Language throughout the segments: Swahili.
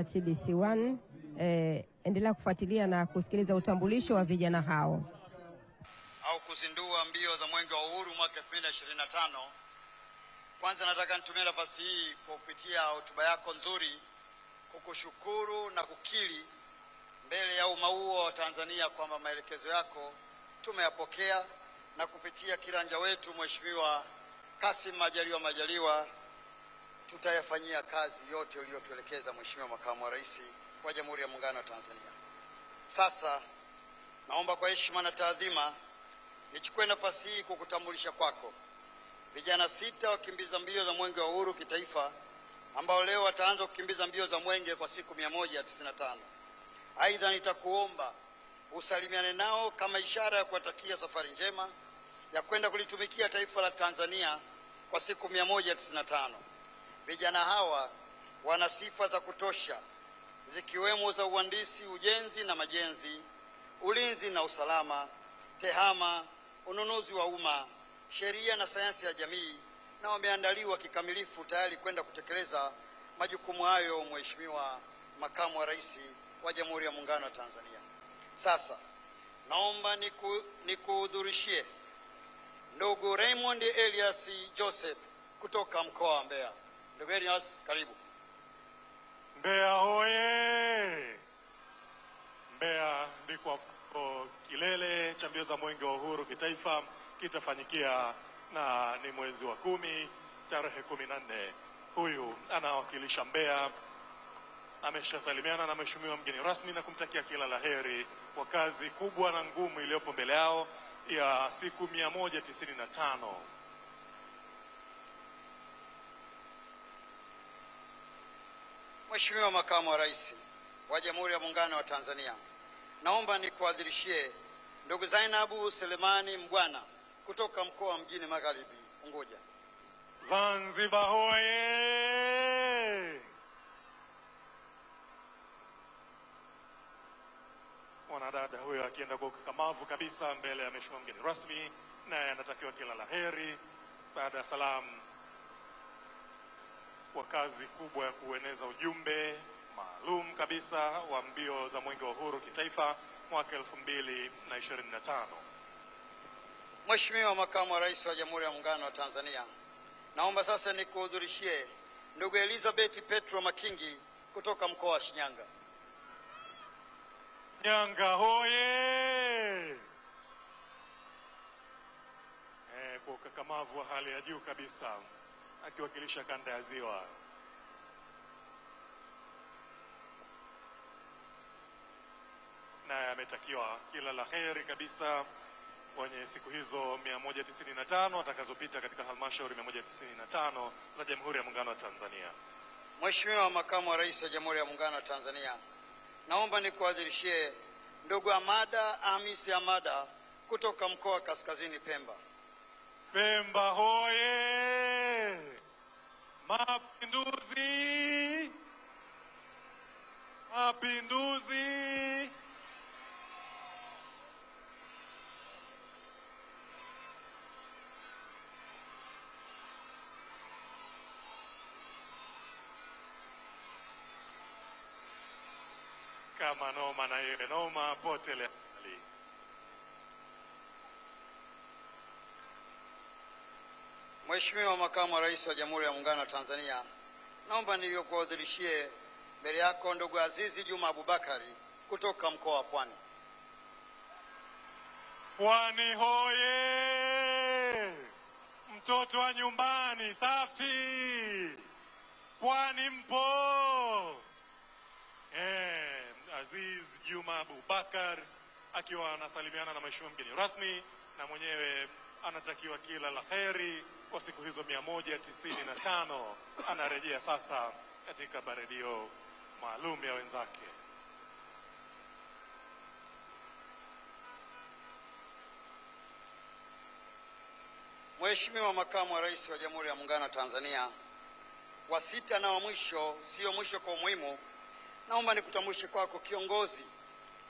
TBC1 eh, endelea kufuatilia na kusikiliza utambulisho wa vijana hao au kuzindua mbio za Mwenge wa Uhuru mwaka 2025. Kwanza nataka nitumie nafasi hii kwa kupitia hotuba yako nzuri kukushukuru na kukiri mbele ya umma huo wa Tanzania kwamba maelekezo yako tumeyapokea na kupitia kiranja wetu Mheshimiwa Kassim Majaliwa Majaliwa tutayafanyia kazi yote uliyotuelekeza Mheshimiwa Makamu wa Rais wa Jamhuri ya Muungano wa Tanzania. Sasa naomba kwa heshima na taadhima nichukue nafasi hii kukutambulisha kwako vijana sita wakimbiza mbio za mwenge wa uhuru kitaifa ambao leo wataanza kukimbiza mbio za mwenge kwa siku 195. Aidha, nitakuomba usalimiane nao kama ishara ya kuwatakia safari njema ya kwenda kulitumikia taifa la Tanzania kwa siku 195. Vijana hawa wana sifa za kutosha zikiwemo za uhandisi, ujenzi na majenzi, ulinzi na usalama, tehama, ununuzi wa umma, sheria na sayansi ya jamii, na wameandaliwa kikamilifu tayari kwenda kutekeleza majukumu hayo, Mheshimiwa Makamu wa Rais wa Jamhuri ya Muungano wa Tanzania. Sasa naomba nikuhudhurishie ndugu Raymond Elias Joseph kutoka mkoa wa Mbeya. Ndugu Elias, karibu. Mbeya hoye! Mbeya ndiko kilele cha mbio za mwenge wa uhuru kitaifa kitafanyikia na ni mwezi wa kumi tarehe kumi na nne. Huyu anawakilisha Mbeya ameshasalimiana na mheshimiwa mgeni rasmi na kumtakia kila la heri kwa kazi kubwa na ngumu iliyopo mbele yao ya siku mia moja tisini na tano. Mheshimiwa Makamu wa Rais wa Jamhuri ya Muungano wa Tanzania, naomba nikuadhirishie ndugu Zainabu Selemani Mbwana kutoka mkoa wa Mjini Magharibi Unguja. Zanzibar hoye! Mwanadada huyo akienda kwa ukakamavu kabisa mbele ya mheshimiwa mgeni rasmi, naye anatakiwa kila laheri. Baada ya salamu kwa kazi kubwa ya kueneza ujumbe maalum kabisa wa mbio za mwenge wa uhuru kitaifa mwaka 2025. Mheshimiwa Makamu wa Rais wa Jamhuri ya Muungano wa Tanzania, naomba sasa nikuhudhurishie ndugu Elizabeth Petro Makingi kutoka mkoa wa Shinyanga. Shinyanga hoye! Eh, kwa ukakamavu wa hali ya juu kabisa akiwakilisha kanda ya Ziwa. Naye ametakiwa kila la heri kabisa kwenye siku hizo 195 atakazopita katika halmashauri 195 za Jamhuri ya Muungano wa Tanzania. Mheshimiwa Makamu wa Rais wa Jamhuri ya Muungano wa Tanzania, naomba nikuadhirishie ndugu Amada Hamisi Amada kutoka mkoa wa Kaskazini Pemba. Pemba hoye! Mapinduzi! Mapinduzi! Kama noma na iwe noma potelea Mheshimiwa Makamu wa Rais wa Jamhuri ya Muungano wa Tanzania, naomba niliyokuhudhurishie mbele yako ndugu Azizi Juma Abubakari kutoka mkoa wa Pwani. Pwani hoye! Mtoto wa nyumbani safi! Pwani mpo? Eh, Aziz Juma Abubakar akiwa anasalimiana na mheshimiwa mgeni rasmi, na mwenyewe anatakiwa kila la heri kwa siku hizo mia moja tisini na tano anarejea sasa katika baridio maalum ya wenzake. Mheshimiwa Makamu wa Rais wa Jamhuri ya Muungano wa Tanzania, wa sita na wa mwisho sio mwisho kwa umuhimu, naomba nikutambulishe kwako kiongozi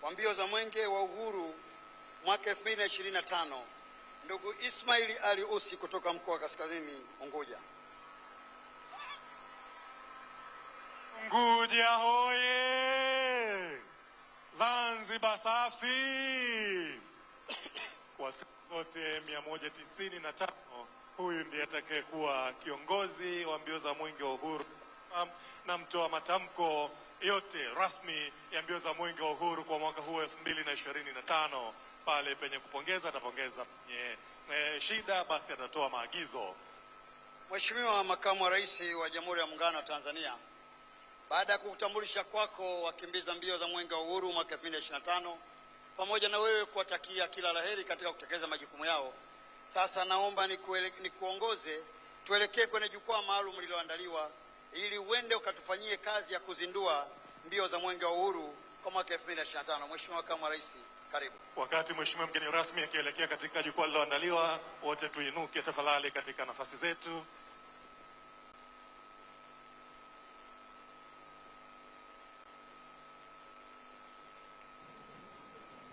wa mbio za mwenge wa uhuru mwaka 2025 ndugu Ismaili Ali Usi kutoka mkoa wa Kaskazini Unguja. Unguja hoye! Zanzibar safi! Kwa siku zote 195 huyu ndiye atakayekuwa kiongozi wa mbio za mwenge wa uhuru na mtoa matamko yote rasmi ya mbio za mwenge wa uhuru kwa mwaka huu 2025 pale penye kupongeza atapongeza, penye e, shida basi atatoa maagizo. Mheshimiwa Makamu wa Rais wa Jamhuri ya Muungano wa Tanzania, baada ya kukutambulisha kwako wakimbiza mbio za Mwenge wa Uhuru mwaka 2025 pamoja na wewe kuwatakia kila laheri katika kutekeleza majukumu yao, sasa naomba nikuongoze ni tuelekee kwenye jukwaa maalum lililoandaliwa ili uende ukatufanyie kazi ya kuzindua mbio za Mwenge wa Uhuru kwa mwaka 2025. Mheshimiwa Makamu wa Rais. Karibu. Wakati mheshimiwa mgeni rasmi akielekea katika jukwaa lililoandaliwa, wote tuinuke tafadhali katika nafasi zetu.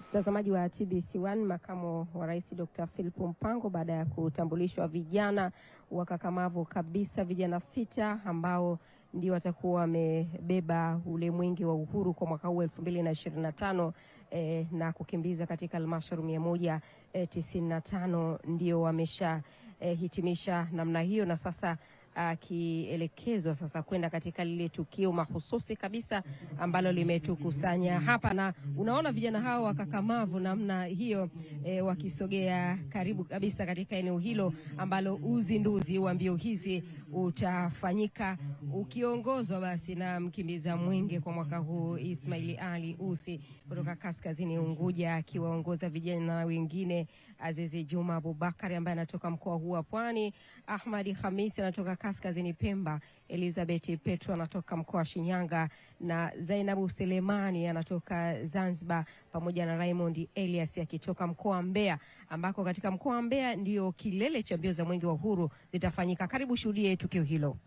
Mtazamaji wa TBC1, makamu wa rais Dr. Philip Mpango baada ya kutambulishwa vijana wakakamavu kabisa, vijana sita ambao ndio watakuwa wamebeba ule mwenge wa uhuru kwa mwaka huu elfu mbili na ishirini na tano eh, na kukimbiza katika halmashauri mia moja eh, tisini na tano ndio wameshahitimisha eh, namna hiyo na sasa akielekezwa sasa kwenda katika lile tukio mahususi kabisa ambalo limetukusanya hapa, na unaona vijana hao wakakamavu namna hiyo e, wakisogea karibu kabisa katika eneo hilo ambalo uzinduzi wa mbio hizi utafanyika ukiongozwa basi na mkimbiza mwenge kwa mwaka huu Ismaili Ali Usi kutoka Kaskazini Unguja, akiwaongoza vijana wengine Azizi Juma Abubakari ambaye anatoka mkoa huu wa Pwani, Ahmadi Hamisi anatoka Kaskazini Pemba. Elizabeth Petro anatoka mkoa wa Shinyanga na Zainabu Selemani anatoka Zanzibar, pamoja na Raymond Elias akitoka mkoa wa Mbeya, ambako katika mkoa wa Mbeya ndio kilele cha mbio za Mwenge wa Uhuru zitafanyika. Karibu shuhudie tukio hilo.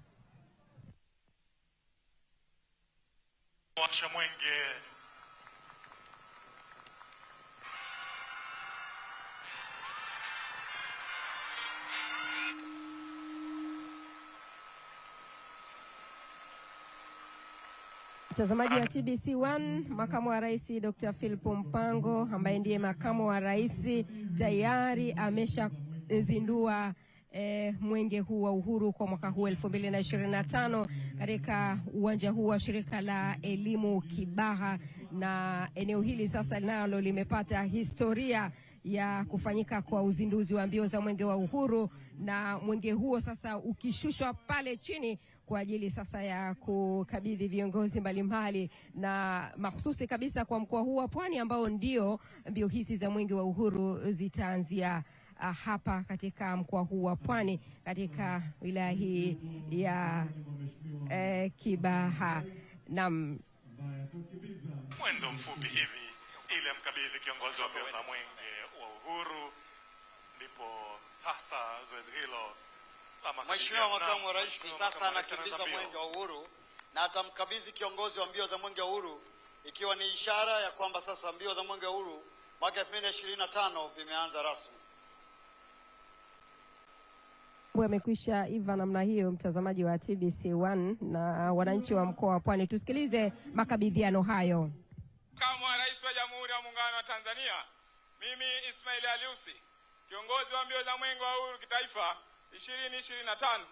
Washa mwenge Mtazamaji wa TBC 1, makamu wa rais Dr. Philip Mpango ambaye ndiye makamu wa rais tayari ameshazindua E, mwenge huu wa uhuru kwa mwaka huu 2025 katika uwanja huu wa shirika la elimu Kibaha, na eneo hili sasa nalo limepata historia ya kufanyika kwa uzinduzi wa mbio za mwenge wa uhuru, na mwenge huo sasa ukishushwa pale chini kwa ajili sasa ya kukabidhi viongozi mbalimbali na mahususi kabisa kwa mkoa huu wa Pwani ambao ndio mbio hizi za Mwenge wa Uhuru zitaanzia ah, hapa katika mkoa huu wa Pwani katika wilaya hii ya eh, Kibaha. Naam, mwendo mfupi hivi ili amkabidhi kiongozi wa mbio za Mwenge wa Uhuru, ndipo sasa zoezi hilo Mheshimiwa Makamu wa Rais sasa anakimbiza Mwenge wa Uhuru na atamkabidhi kiongozi wa mbio za Mwenge wa Uhuru ikiwa ni ishara ya kwamba sasa mbio za Mwenge wa Uhuru mwaka 2025 vimeanza rasmi. Amekwisha iva namna hiyo, mtazamaji wa TBC1 na wananchi wa mkoa wa Pwani, tusikilize makabidhiano hayo. Makamu wa Rais wa Jamhuri ya Muungano wa Tanzania, mimi Ismail Aliusi, kiongozi wa mbio za Mwenge wa Uhuru kitaifa ishirini ishirini na tano.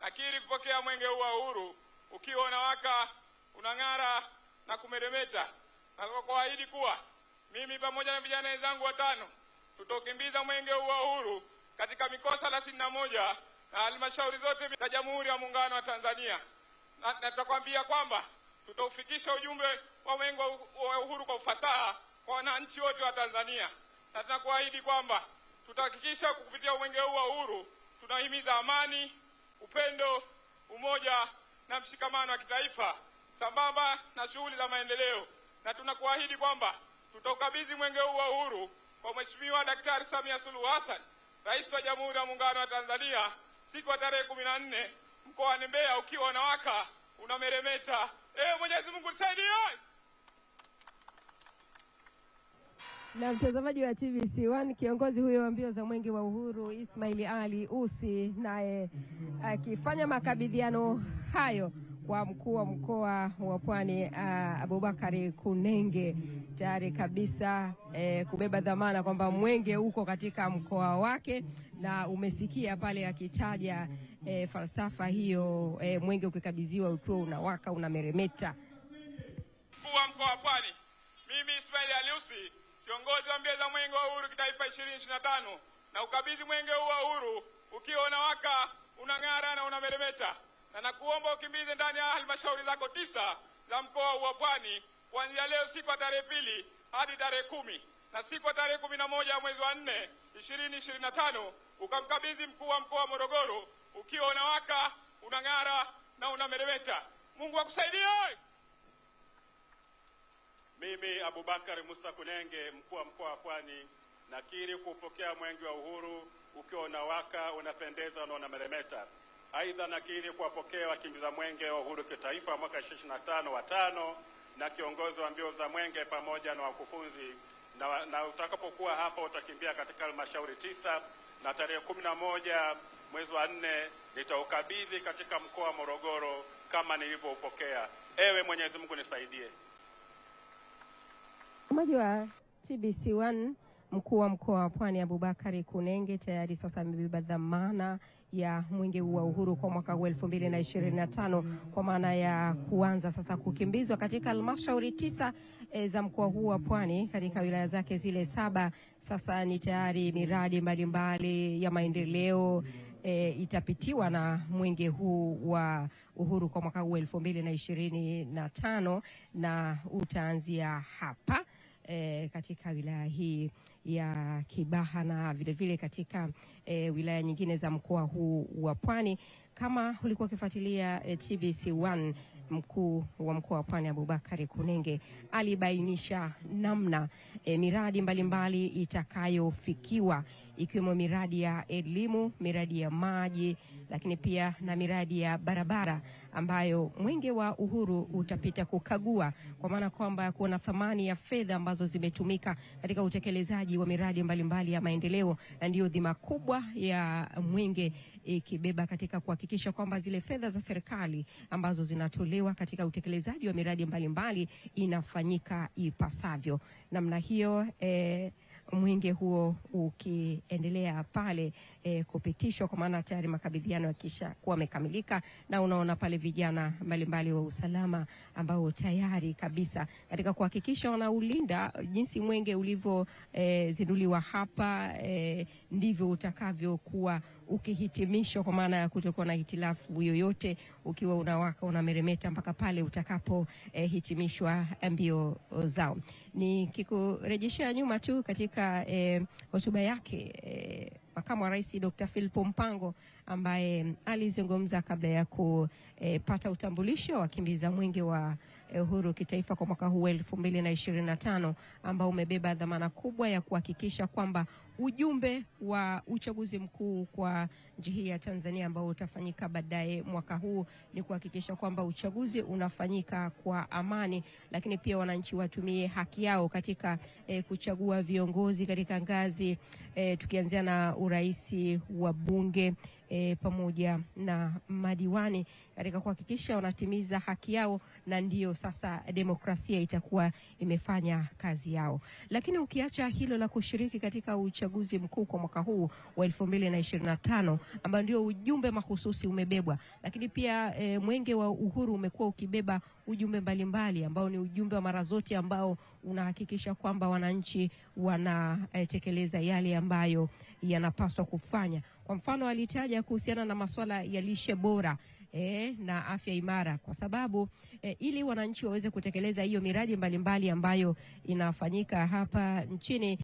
Nakiri kupokea mwenge huu wa uhuru ukiwa unawaka unang'ara na kumeremeta, na kuahidi kuwa mimi pamoja na vijana wenzangu watano tutaukimbiza mwenge huu wa uhuru katika mikoa thelathini na moja na halmashauri zote za Jamhuri ya Muungano wa Tanzania, na natakwambia kwamba tutaufikisha ujumbe wa mwenge wa uhuru kwa ufasaha kwa wananchi wote wa Tanzania, na tunakuahidi kwamba tutahakikisha kupitia mwenge huu wa uhuru tunahimiza amani, upendo, umoja na mshikamano wa kitaifa sambamba na shughuli za maendeleo, na tunakuahidi kwamba tutaukabidhi mwenge huu wa uhuru kwa Mheshimiwa Daktari Samia Suluhu Hassan, Rais wa Jamhuri ya Muungano wa Tanzania siku ya tarehe kumi na nne mkoani Mbeya ukiwa unawaka unameremeta. Ee Mwenyezi Mungu tusaidie. Na mtazamaji wa TBC1, kiongozi huyo wa mbio za mwenge wa uhuru Ismail Ali Usi naye akifanya makabidhiano hayo kwa mkuu wa mkoa wa Pwani uh, Abubakari Kunenge tayari kabisa eh, kubeba dhamana kwamba mwenge uko katika mkoa wake, na umesikia pale akitaja eh, falsafa hiyo eh, mwenge ukikabidhiwa ukiwa unawaka unameremeta. Mkuu wa mkoa wa Pwani, mimi Ismail Ali Usi kiongozi wa mbio za mwenge wa uhuru kitaifa ishirini na tano na ukabidhi mwenge huu wa uhuru ukiwa unawaka unang'ara na unameremeta, na nakuomba ukimbize ndani ya halmashauri zako tisa za mkoa wa Pwani kuanzia leo siku ya tarehe pili hadi tarehe kumi na siku ya tarehe kumi na moja ya mwezi wa nne ishirini ishirini na tano ukamkabidhi mkuu wa mkoa wa Morogoro ukiwa unawaka unang'ara na unameremeta. Mungu akusaidie. Mimi Abubakar Musa Kunenge, mkuu wa mkoa wa Pwani, nakiri kupokea mwenge wa uhuru ukiwa unawaka, unapendeza na unameremeta. Aidha, nakiri kuwapokea wakimbiza mwenge wa uhuru kitaifa mwaka 25 watano na kiongozi wa mbio za mwenge pamoja na wakufunzi na, na utakapokuwa hapa utakimbia katika halmashauri tisa na tarehe kumi na moja mwezi wa nne nitaukabidhi katika mkoa wa Morogoro kama nilivyoupokea. Ewe Mwenyezi Mungu nisaidie. Mmoja wa TBC1 mkuu wa mkoa wa Pwani Abubakari Kunenge tayari sasa amebeba dhamana ya mwenge wa uhuru kwa mwaka huu 2025 kwa maana ya kuanza sasa kukimbizwa katika halmashauri tisa e, za mkoa huu wa Pwani katika wilaya zake zile saba. Sasa ni tayari miradi mbalimbali ya maendeleo e, itapitiwa na mwenge huu wa uhuru kwa mwaka huu 2025 na utaanzia hapa e, katika wilaya hii ya Kibaha na vilevile vile katika e, wilaya nyingine za mkoa huu wa Pwani. Kama ulikuwa ukifuatilia eh, e, TBC1 Mkuu wa Mkoa wa Pwani Abubakari Kunenge alibainisha namna e, miradi mbalimbali itakayofikiwa ikiwemo miradi ya elimu, miradi ya maji, lakini pia na miradi ya barabara ambayo Mwenge wa Uhuru utapita kukagua, kwa maana kwamba kuna thamani ya fedha ambazo zimetumika katika utekelezaji wa miradi mbalimbali mbali ya maendeleo, na ndiyo dhima kubwa ya Mwenge ikibeba katika kuhakikisha kwamba zile fedha za serikali ambazo zinatolewa katika utekelezaji wa miradi mbalimbali inafanyika ipasavyo. Namna hiyo e, eh, mwinge huo ukiendelea pale e, kupitishwa kwa maana tayari makabidhiano yakisha kuwa amekamilika, na unaona pale vijana mbalimbali wa usalama ambao tayari kabisa katika kuhakikisha wanaulinda jinsi mwenge ulivyozinduliwa eh, e, hapa e, ndivyo utakavyokuwa ukihitimishwa, kwa maana ya kutokuwa na hitilafu yoyote, ukiwa unawaka unameremeta mpaka pale utakapohitimishwa eh, mbio zao. Nikikurejeshea nyuma tu katika eh, hotuba eh, yake eh, Makamu wa Rais Dr. Philip Mpango ambaye alizungumza kabla ya kupata eh, utambulisho wakimbiza mwenge wa Eh, uhuru kitaifa kwa mwaka huu elfu mbili na ishirini na tano ambao umebeba dhamana kubwa ya kuhakikisha kwamba ujumbe wa uchaguzi mkuu kwa nchi hii ya Tanzania ambao utafanyika baadaye mwaka huu ni kuhakikisha kwamba uchaguzi unafanyika kwa amani, lakini pia wananchi watumie haki yao katika e, kuchagua viongozi katika ngazi e, tukianzia na urais wa bunge e, pamoja na madiwani katika kuhakikisha wanatimiza haki yao na ndiyo sasa demokrasia itakuwa imefanya kazi yao. Lakini ukiacha hilo la kushiriki katika uchaguzi mkuu kwa mwaka huu wa 2025 ambao ndio ujumbe mahususi umebebwa, lakini pia e, mwenge wa uhuru umekuwa ukibeba ujumbe mbalimbali ambao ni ujumbe wa mara zote ambao unahakikisha kwamba wananchi wanatekeleza e, yale ambayo yanapaswa kufanya. Kwa mfano, alitaja kuhusiana na masuala ya lishe bora eh, na afya imara, kwa sababu eh, ili wananchi waweze kutekeleza hiyo miradi mbalimbali mbali ambayo inafanyika hapa nchini.